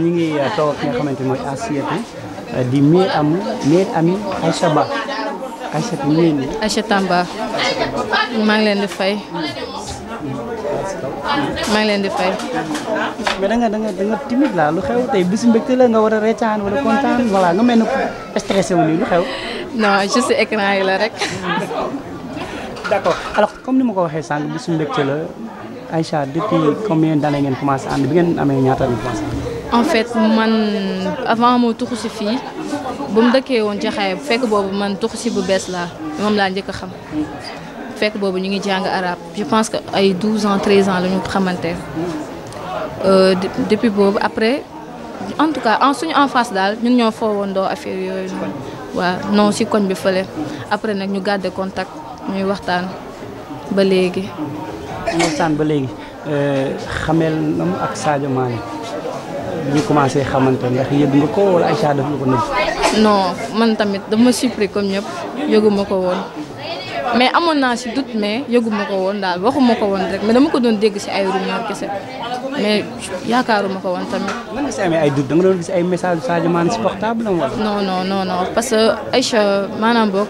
ñu ngi euh, toog ak nga xamante mooy Asiatu euh, di mère am mère ami Aïcha Ba Aïcha ñu ngi leen Tamba maa ngi leen di fay maa ngi leen di fay mais da nga da nga lu xew tey bisu mbégte la nga war a reetaan wala kontaan voilà nga mel ne stressé nii lu xew non juste écran yi la rek d'accord comme ni ma ko waxee sànq bisu mbégte la Aïcha depuis combien d'années ngeen commencé ànd bi ngeen amee ñaata ngeen en fait man avant moo tuxu fii bu mu dëkkee woon ci xaye fekk boobu man bu bees laa moom laa njëkk a xam fekk boobu ñu ngi jàng arabe je pense que ay 12 ans 13 ans la ñu xamante euh, depuis boobu après en tout cas en suñu en face daal ñun ñoo foowoondoo affaire yooyu noonu waaw non si koñ bi fële après nag ñu garder contact ñuy waxtaan ba léegi ndeysaan ba léegi euh, xameel na mu ak Sadio Mané ñu commencé xamante ndax ko wala Aïcha daf man tamit dama surpris comme ñëpp yëguma ko woon mais amoon naa si doute mais yëguma ko woon daal waxuma ko woon rek mais dama ko doon dégg si ay rumeur kese mais yaakaaruma ko woon tamit. lan nga si amee ay doute da doon gis ay message Sadio si portable am wala. non non non non parce maanaam boog.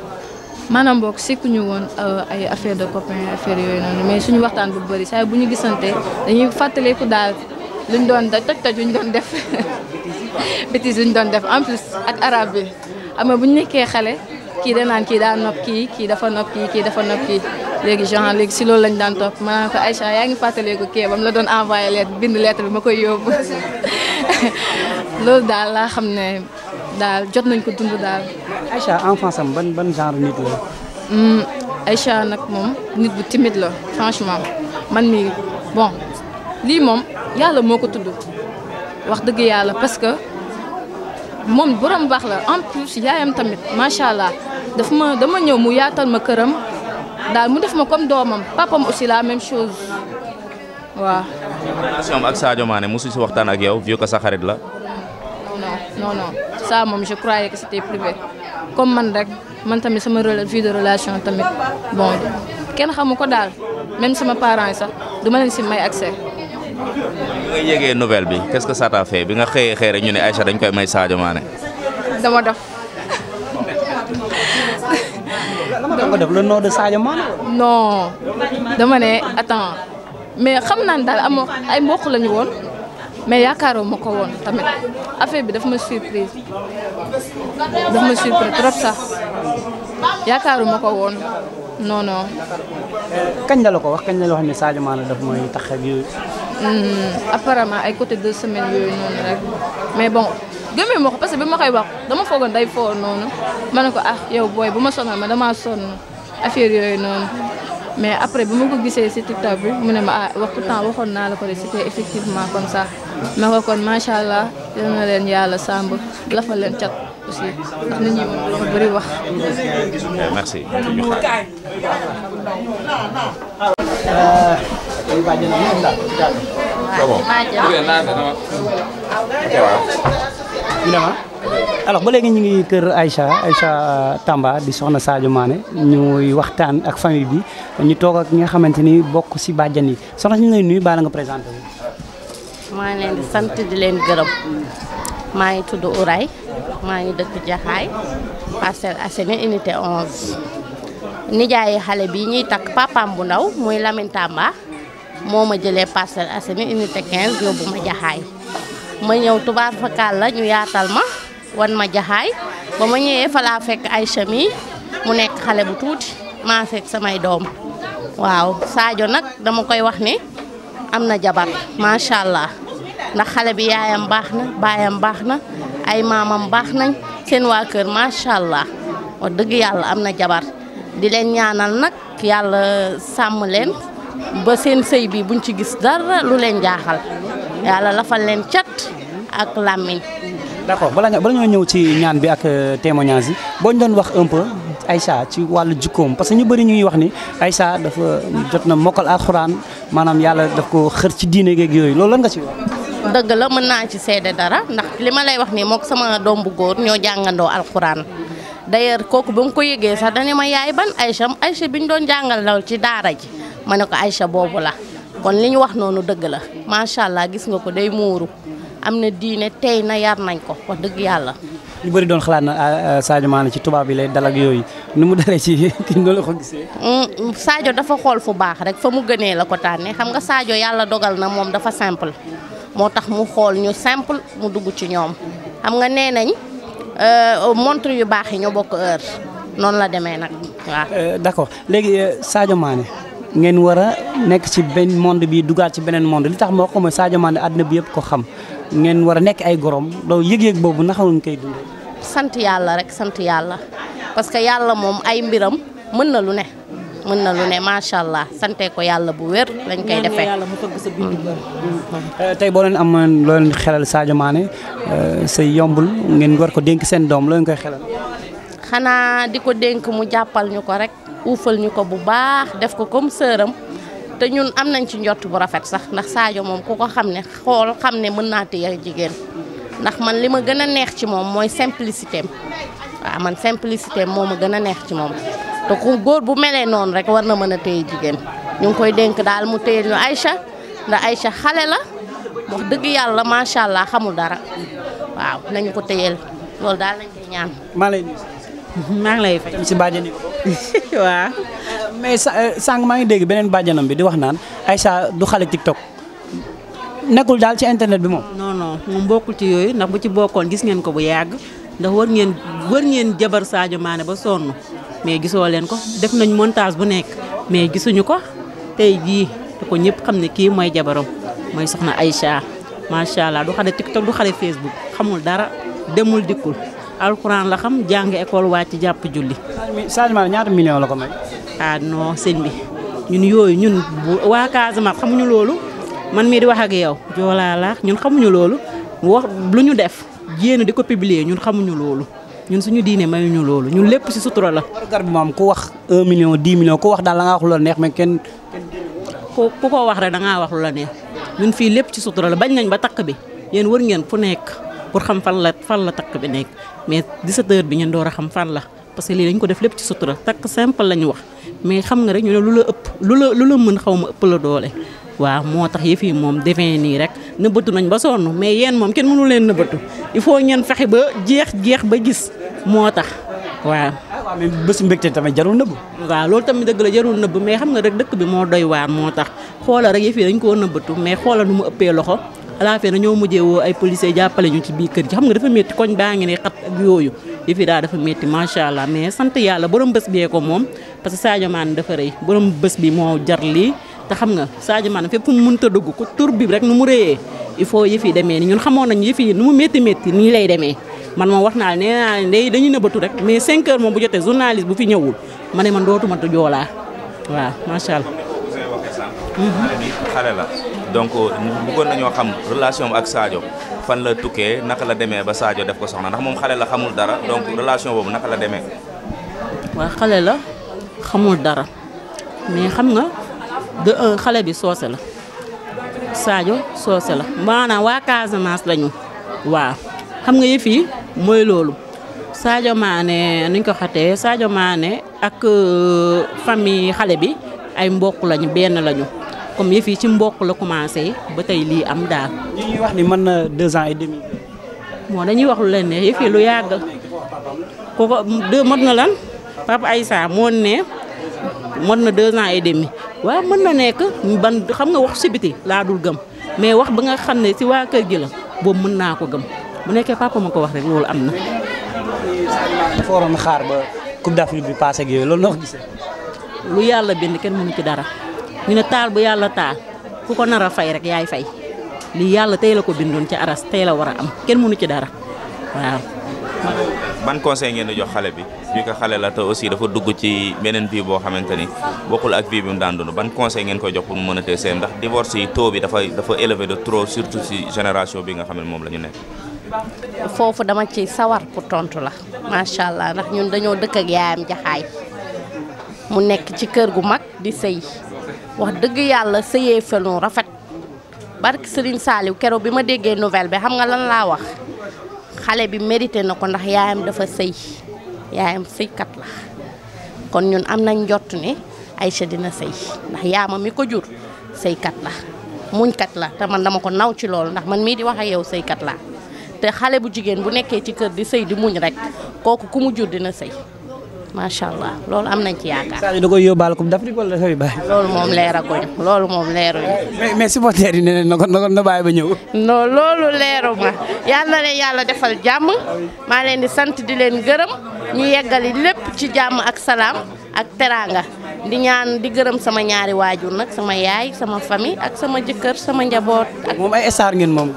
maanaam boog sekkuñu woon euh, ay affaire de copain affaire yooyu noonu mais suñu waxtaan bu bëri saa bu ñu gisante dañuy fàttaliku daal ñu doon da toj toj luñ doon def bêtise luñ doon def en plus ak arabe bi ama bu ñu nekkee xale kii danaan kii daa nopp kii kii dafa nopp kii kii dafa nopp kii léegi genre léegi si loolu lañ daan topp ma naan ko Aïcha yaa ngi fàttaliku kii ba mu la doon envoyé lettre bind lettre bi ma koy yóbbu loolu daal laa xam ne daal jot nañ ko dund daal. Aïcha enfance am ban ban genre nit la. Hmm, Aïcha nag moom nit bu timit la franchement man mii bon lii moom yàlla moo ko tudd wax dëgg yàlla parce que moom borom baax la en yaayam tamit macha allah daf ma dama ñëw mu yaatal ma këram daal mu def ma comme doomam papam aussi la même chose waaw. relation ak Sadio Mané mosu si waxtaan ak yow vieux que sa xarit la. non non saa moom je croyais que c'était privé comme man rek man tamit sama vie de relation tamit bon kenn xamu ko daal même sama parents yi sax du ma leen si may accès. bi nga yëgee nouvelle bi quest que ça t'a bi nga xëyee xëy rek ñu ne Aïcha dañ koy may Sadio Mané. dama def. dama def le nom de Sadio Mané. non dama ne attends mais xam naa ne daal amoo ay mbokk lañu woon. mais yaakaaroo ma ko woon tamit affaire bi daf ma surprise daf ma surprise trop sax yaakaaru ma ko woon non non. kañ la ko wax kañ la la wax ne Sadio Mané daf mooy tax ak yooyu. Hmm, apparemment ay côté deux semaines yooyu noonu mais bon gëmee ma ko parce que bi ma koy wax dama foogoon day foo noonu ma ne ko ah yow booy bu ma sonal ma damaa sonn affaire yooyu noonu. mais après bi ma ko gisee ci TikTok bi mu ne ma ah wax pourtant waxoon naa la ko de c'était effectivement comme ça. ma ko kon macha allah yal na leen yàlla sàmb lafa leen cat aussi ndax nit ñi moom wax. merci. alors ba léegi ñu ngi kër Aïcha Aïcha Tamba di soxna Sadio Mané ñuy waxtaan ak famille bi ñu toog ak ñi nga xamante ni bokk ci bàjjan yi soxna si ñu lay nuyu baala nga présenté wu. maa ngi leen sant di leen gërëm maa ngi tudd Ouray maa ngi dëkk Jaxaay Parcelles Assainies unité 11 nijaayi xale bi ñuy takk papaam bu ndaw muy Lamine Tamba moo ma jëlee Parcelles Assainies unité 15 bu ma Jaxaay ma ñëw tubaab fakal la ñu yaatal ma wan ma Jaxaay ba ma ñëwee fa laa fekk Aïcha mi mu nekk xale bu tuuti maa fekk samay doom waaw Sadio nag dama koy wax ni am na jabar macha allah ndax xale bi yaayam baax na baayam baax na ay maamam baax nañ seen waa kër macha allah wa dëgg yàlla am na jabar di leen ñaanal nag yàlla sàmm leen ba seen sëy bi buñ ci gis dara lu leen jaaxal yàlla lafal leen cat ak làmmiñ. d'accord bala nga bala ñoo ñëw ci ñaan bi ak euh, témoignage yi doon wax un Aïcha ci wàllu jikkoom parce que ñu bëri ñuy wax ni aysa dafa jot na mokkal alxuraan maanaam yàlla daf ko xër ci diine geeg yooyu loolu lan nga ci wax. dëgg la mën naa ci seede dara ndax li ma lay wax nii mook sama doom bu góor ñoo jàngandoo alxuraan d'ailleurs kooku ba mu ko yëgee sax dana ma yaay ban Aïcha Aïcha bi ñu doon jàngal law ci daara ji ma ne ko Aïcha boobu la kon li ñu wax noonu dëgg la macha allah gis nga ko day muuru. am na diine tey na yar nañ ko wax dëgg yàlla. ñu bëri doon xalaat na ah, ah, Sadio Mané ci tubaab yi lay dalak yooyu nu mu daree ci kii noonu la ko gisee. Mm, Sadio dafa xool fu baax rek fa mu gënee la ko tànnee xam nga saajo yàlla dogal na moom dafa simple moo tax mu xool ñu simple mu dugg ci ñoom xam nga nee nañ euh, montre yu baax yi ñoo bokk heure noonu la demee nag waaw. Euh, d'accord léegi euh, Sadio Mané ngeen war a nekk ci benn monde bi dugaat ci beneen monde li tax moo ko mooy saajo Mané àddina bi yëpp ko xam. ngeen war a nekk ay gorom doo yëg-yëg boobu naka lañ koy dundee. sant yàlla rek sant yàlla parce que yàlla moom ay mbiram mën na lu ne mën na lu ne macha allah sante ko yàlla bu wér. lañ koy defee yàlla euh, tey boo leen amoon loo leen xelal Sadio Mané euh, say yombul ngeen war ko dénk seen doom loo koy xelal. xanaa di ko dénk mu jàppal ñu ko rek uufal ñu ko bu baax def ko comme sëram. te ñun am nañ ci njort bu rafet sax ndax Sadio moom ku ko xam ne xool xam ne mën naa téye jigéen ndax man li ma gën a neex ci moom mooy simplicité am waaw man simplicité moo ma gën a neex ci moom te ku góor bu melee noonu rek war na mën a téye jigéen ñu ngi koy dénk daal mu téye ñu Aïcha ndax Aïcha xale la wax dëgg yàlla macha allah xamul dara waaw nañu ko téyeel loolu daal lañ koy ñaan. maa ngi lay fay. ci bàjjen yi ko waaw. mais euh, sànq maa ngi dégg beneen bàjjenam bi di wax naan Aïcha du xale TikTok. nekkul daal ci internet bi moom. non non moom bokkul ci yooyu ndax bu ci bokkoon gis ngeen ko bu yàgg ndax war ngeen war ngeen jabar saajo Mané ba sonn mais gisoo leen ko def nañ montage bu nekk mais gisuñu ko tey jii te ko ñëpp xam ne kii mooy jabaram mooy soxna Aïcha macha allah du xale TikTok du xale Facebook xamul dara demul dikkul. alxuraan la xam jàng école wàcc jàpp julli. changement ñaata million la ko may. ah non sëñ bi ñun yooyu ñun bu waa Casamance xamuñu loolu man mii di wax ak yow joolaa laa ñun xamuñu loolu wax lu ñu def jéem di ko publier ñun xamuñu loolu ñun suñu diine ñu loolu ñun lépp ci sutura la. gar bi maam ku wax 1 million 10 million ku wax daal la nga wax lu la neex mais kenn. ku ko wax rek da ngaa wax lu la neex ñun fii lépp ci sutura la bañ nañ ba takk bi yéen wër ngeen fu nekk. pour xam fan la fan la takk bi nekk mais 17 bi ñun door a xam fan la parce que lii dañ ko def lépp ci sutura takk simple lañu wax mais xam nga rek ñu ne lu la ëpp lu la lu la mën xaw ma ëpp la doole. waaw moo tax yëf yi moom devin nii rek nëbbatu nañ ba sonn mais yéen moom kenn mënu leen nëbbatu il faut ngeen fexe ba jeex jeex ba gis moo tax waaw. Ah, waaw mais bésu mbégte tamit jarul nëbb. waaw loolu tamit dëgg la jarul nëbb mais xam nga rek dëkk bi moo doy waar moo tax xoola rek yëf yi dañ koo nëbbatu mais xoola nu mu ëppee loxo à la fin dañoo mujjee woo ay policiers jàppale ñu ci biir kër gi xam nga dafa métti koñ baa ngi ne xat ak yooyu yëf yi daal dafa métti macha allah mais sant yàlla borom bés bee ko moom parce que Sadio Mané dafa rëy borom bés bi moo jar lii te xam nga saajo Mané fépp fu mun mënta dugg ko tur bi rek nu mu rëyee il faut yëf yi demee ni ñun xamoon nañ yëf nu mu métti métti nii lay demee man moom wax naa nee naa ne dañuy nëbatu rek mais 5 moom bu jotee journaliste bu fi ñëwul ma ne man dootuma joolaa waaw macha allah donc bëggoon nañoo xam relation ak Sadio fan la tukkee naka la demee ba saajo def ko soxna ndax moom xale la xamul dara donc relation boobu naka la demee. waaw xale la xamul dara mais xam nga de euh, xale bi soose la Sadio soose la maanaam waa Casamance lañu waaw xam nga yëf yi mooy loolu Sadio Mané nuñ ko xatee Sadio Mané ak euh, famille xale bi ay mbokk lañu benn lañu. comme yëf yi ci mbokk la commencé ba tey lii am daal. ñi mën na deux ans et demi. bon dañuy wax lu leen ne yëf yi lu yàgg kooku deux mot na lan Papa Aïssa moo ne mot na deux ans et demi waaw mën na nekk ban xam nga wax si biti laa dul gëm mais wax ba nga xam ne si waa kër gi la boobu mën naa ko gëm bu nekkee papa ma ko wax rek loolu am na. dafa waroon xaar ba coupe d'Afrique bi paase ak yooyu loolu noo ko gisee. lu yàlla bind kenn mënu ci dara. ñu ne taal bu yàlla taal ku ko nar a fay rek yaay fay lii yàlla tey la ko bindoon ci aras tey la war a am kenn mënu ci dara waaw. ban conseil ngeen di jox xale bi bi ko xale la te aussi dafa dugg ci beneen vie boo xamante ni bokkul ak vie bi mu daan dund ban conseil ngeen koy jox pour mu mën a tey seen ndax divorce yi taux bi dafa dafa élevé de trop surtout si génération bi nga xam ne moom la ñu nekk. foofu dama ci sawar pour tontu la macha allah ndax ñun dañoo dëkk ak yaayam jaxaay mu nekk ci kër gu mag di sëy wax dëgg yàlla sëyee fenu rafet barke Serigne Saliou keroog bi ma déggee nouvelle bi xam nga lan laa wax xale bi mérité na ko ndax yaayam dafa sëy yaayam sëykat la kon ñun am nañ njott ne Aïcha dina sëy ndax yaama mi ko jur sëykat la muñkat la te man dama ko naw ci loolu ndax man mii di wax ak yow sëykat la te xale bu jigéen bu nekkee ci kër di sëy di muñ rek kooku ku mu jur dina sëy macha allah loolu am nañ ci yaakaar. Sadio da koy yóbbaale Coupe d'Afrique wala da koy bàyyi. loolu moom leeraguñ loolu moom leeruñ. mais mais supporters yi nee na ko na bàyyi ba ñëw. non loolu leeru ma yal na leen yàlla defal jàmm maa leen di sant di leen gërëm ñu yeggali lépp ci jàmm ak salaam ak teraanga. di ñaan di gërëm sama ñaari waajur nag sama yaay sama famille ak sama jëkkër sama njaboot. ak moom ay star ngeen moom.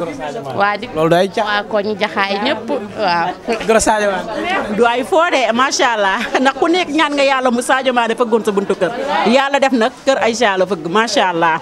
waa di loolu day ca waa koñ jaxaay ñëpp waaw. gërëm Sadio Mané. du ay foo de macha allah ndax ku nekk ñaan nga yàlla mu Sadio Mané fëggoon sa buntu kër yàlla def nag kër Aïcha la fëgg macha allah